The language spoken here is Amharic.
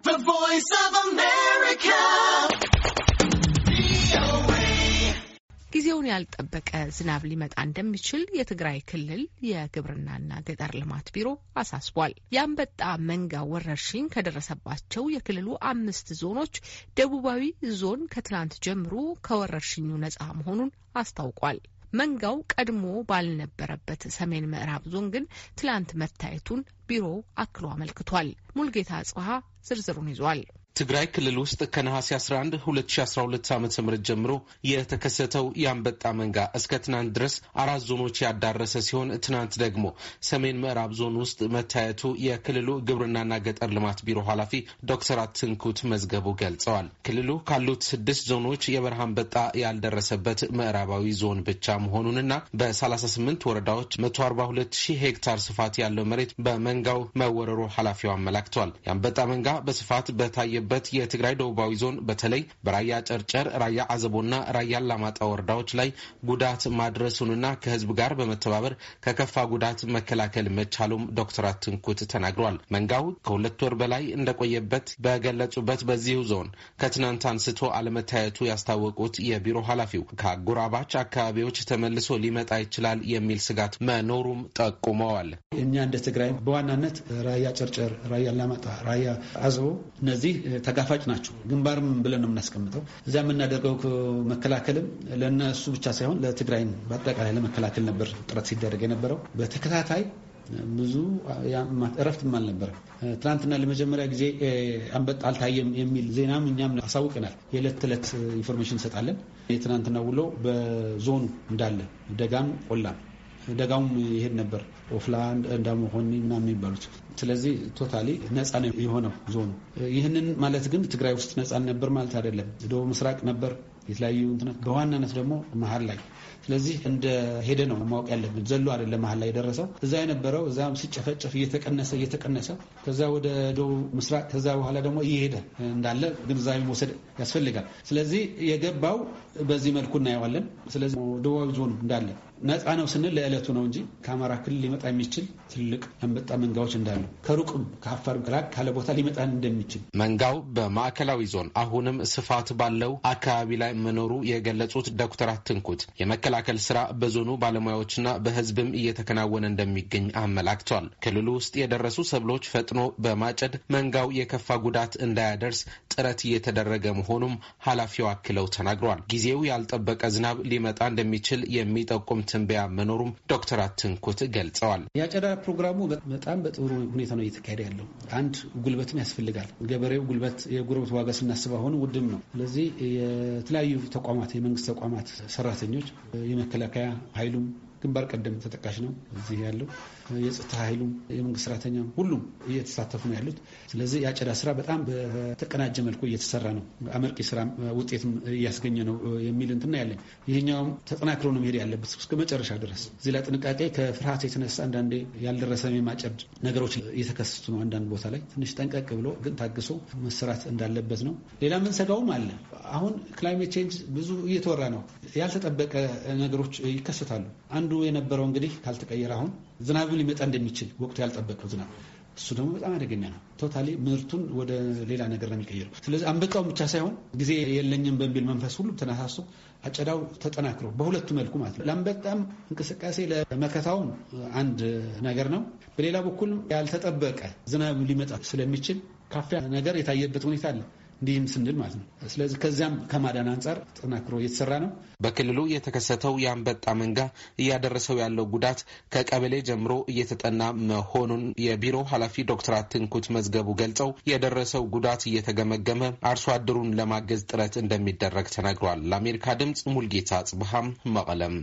The Voice of America. ጊዜውን ያልጠበቀ ዝናብ ሊመጣ እንደሚችል የትግራይ ክልል የግብርናና ገጠር ልማት ቢሮ አሳስቧል። የአንበጣ መንጋ ወረርሽኝ ከደረሰባቸው የክልሉ አምስት ዞኖች ደቡባዊ ዞን ከትላንት ጀምሮ ከወረርሽኙ ነጻ መሆኑን አስታውቋል። መንጋው ቀድሞ ባልነበረበት ሰሜን ምዕራብ ዞን ግን ትላንት መታየቱን ቢሮው አክሎ አመልክቷል። ሙልጌታ ጽሀ ዝርዝሩን ይዟል። ትግራይ ክልል ውስጥ ከነሐሴ 11 2012 ዓ ም ጀምሮ የተከሰተው የአንበጣ መንጋ እስከ ትናንት ድረስ አራት ዞኖች ያዳረሰ ሲሆን ትናንት ደግሞ ሰሜን ምዕራብ ዞን ውስጥ መታየቱ የክልሉ ግብርናና ገጠር ልማት ቢሮ ኃላፊ ዶክተር አትንኩት መዝገቡ ገልጸዋል። ክልሉ ካሉት ስድስት ዞኖች የበረሃ አንበጣ ያልደረሰበት ምዕራባዊ ዞን ብቻ መሆኑንና በ38 ወረዳዎች 142 ሄክታር ስፋት ያለው መሬት በመንጋው መወረሩ ኃላፊው አመላክተዋል። የአንበጣ መንጋ በስፋት በታየ በሚገኝበት የትግራይ ደቡባዊ ዞን በተለይ በራያ ጨርጨር፣ ራያ አዘቦና ራያ አላማጣ ወረዳዎች ላይ ጉዳት ማድረሱንና ከህዝብ ጋር በመተባበር ከከፋ ጉዳት መከላከል መቻሉም ዶክተር አትንኩት ተናግረዋል። መንጋው ከሁለት ወር በላይ እንደቆየበት በገለጹበት በዚሁ ዞን ከትናንት አንስቶ አለመታየቱ ያስታወቁት የቢሮ ኃላፊው ከአጎራባች አካባቢዎች ተመልሶ ሊመጣ ይችላል የሚል ስጋት መኖሩም ጠቁመዋል። እኛ እንደ ትግራይ በዋናነት ራያ ጨርጨር፣ ራያ አላማጣ፣ ራያ አዘቦ እነዚህ ተጋፋጭ ናቸው። ግንባርም ብለን ነው የምናስቀምጠው። እዚያ የምናደርገው መከላከልም ለእነሱ ብቻ ሳይሆን ለትግራይም በአጠቃላይ ለመከላከል ነበር ጥረት ሲደረግ የነበረው በተከታታይ ብዙ እረፍትም አልነበረም። ትናንትና ለመጀመሪያ ጊዜ አንበጣ አልታየም የሚል ዜናም እኛም አሳውቀናል። የዕለት ተዕለት ኢንፎርሜሽን እንሰጣለን። የትናንትና ውሎ በዞኑ እንዳለ ደጋም ቆላም ደጋውም ይሄድ ነበር ኦፍላንድ እንዳመሆኒ ምናምን የሚባሉት ስለዚህ ቶታሊ ነፃ የሆነው ዞኑ። ይህንን ማለት ግን ትግራይ ውስጥ ነፃ ነበር ማለት አይደለም። ደቡብ ምስራቅ ነበር የተለያዩ እንትናት በዋናነት ደግሞ መሀል ላይ ስለዚህ እንደ ሄደ ነው ማወቅ ያለብን። ዘሎ አይደለም መሀል ላይ የደረሰው እዛ የነበረው እዛ ሲጨፈጨፍ እየተቀነሰ እየተቀነሰ ከዛ ወደ ደቡብ ምስራቅ ከዛ በኋላ ደግሞ እየሄደ እንዳለ ግንዛቤ መውሰድ ያስፈልጋል። ስለዚህ የገባው በዚህ መልኩ እናየዋለን። ስለዚህ ደቡባዊ ዞኑ እንዳለ ነፃ ነው ስንል ለዕለቱ ነው እንጂ ከአማራ ክልል ሊመጣ የሚችል ትልቅ አንበጣ መንጋዎች እንዳሉ ከሩቅም ከአፋር ራቅ ካለ ቦታ ሊመጣ እንደሚችል መንጋው በማዕከላዊ ዞን አሁንም ስፋት ባለው አካባቢ ላይ መኖሩ የገለጹት ዶክተር አትንኩት የመከላከል ስራ በዞኑ ባለሙያዎችና በህዝብም እየተከናወነ እንደሚገኝ አመላክቷል። ክልሉ ውስጥ የደረሱ ሰብሎች ፈጥኖ በማጨድ መንጋው የከፋ ጉዳት እንዳያደርስ ጥረት እየተደረገ መሆኑም ኃላፊው አክለው ተናግሯል። ጊዜው ያልጠበቀ ዝናብ ሊመጣ እንደሚችል የሚጠቁም ትንበያ መኖሩም ዶክተር አትንኩት ገልጸዋል። የአጨዳ ፕሮግራሙ በጣም በጥሩ ሁኔታ ነው እየተካሄደ ያለው። አንድ ጉልበትም ያስፈልጋል። ገበሬው ጉልበት የጉልበት ዋጋ ስናስብ አሁን ውድም ነው። ስለዚህ የተለያዩ የተለያዩ ተቋማት የመንግስት ተቋማት ሰራተኞች የመከላከያ ኃይሉም ግንባር ቀደም ተጠቃሽ ነው። እዚህ ያለው የጸጥታ ኃይሉም የመንግስት ሰራተኛ ሁሉም እየተሳተፉ ነው ያሉት። ስለዚህ የአጨዳ ስራ በጣም በተቀናጀ መልኩ እየተሰራ ነው፣ አመርቂ ስራ ውጤትም እያስገኘ ነው የሚል እንትና ያለኝ። ይህኛውም ተጠናክሮ ነው መሄድ ያለበት እስከ መጨረሻ ድረስ። እዚህ ላይ ጥንቃቄ ከፍርሃት የተነሳ አንዳንዴ ያልደረሰ የማጨድ ነገሮች እየተከሰቱ ነው። አንዳንድ ቦታ ላይ ትንሽ ጠንቀቅ ብሎ ግን ታግሶ መሰራት እንዳለበት ነው። ሌላ ምንሰጋውም አለ። አሁን ክላይሜት ቼንጅ ብዙ እየተወራ ነው። ያልተጠበቀ ነገሮች ይከሰታሉ። አንዱ የነበረው እንግዲህ ካልተቀየረ አሁን ዝናብ ሊመጣ እንደሚችል ወቅቱ ያልጠበቀው ዝናብ እሱ ደግሞ በጣም አደገኛ ነው። ቶታሊ ምርቱን ወደ ሌላ ነገር ነው የሚቀይረው። ስለዚህ አንበጣውን ብቻ ሳይሆን ጊዜ የለኝም በሚል መንፈስ ሁሉም ተነሳስቶ አጨዳው ተጠናክሮ በሁለቱ መልኩ ማለት ነው። ለአንበጣም እንቅስቃሴ ለመከታውም አንድ ነገር ነው። በሌላ በኩል ያልተጠበቀ ዝናብ ሊመጣ ስለሚችል ካፊያ ነገር የታየበት ሁኔታ አለ። እንዲህም ስንል ማለት ነው። ስለዚህ ከዚያም ከማዳን አንጻር ጠናክሮ እየተሰራ ነው። በክልሉ የተከሰተው የአንበጣ መንጋ እያደረሰው ያለው ጉዳት ከቀበሌ ጀምሮ እየተጠና መሆኑን የቢሮ ኃላፊ ዶክተር አትንኩት መዝገቡ ገልጸው የደረሰው ጉዳት እየተገመገመ አርሶ አደሩን ለማገዝ ጥረት እንደሚደረግ ተናግሯል። ለአሜሪካ ድምፅ ሙልጌታ ጽብሃም መቀለም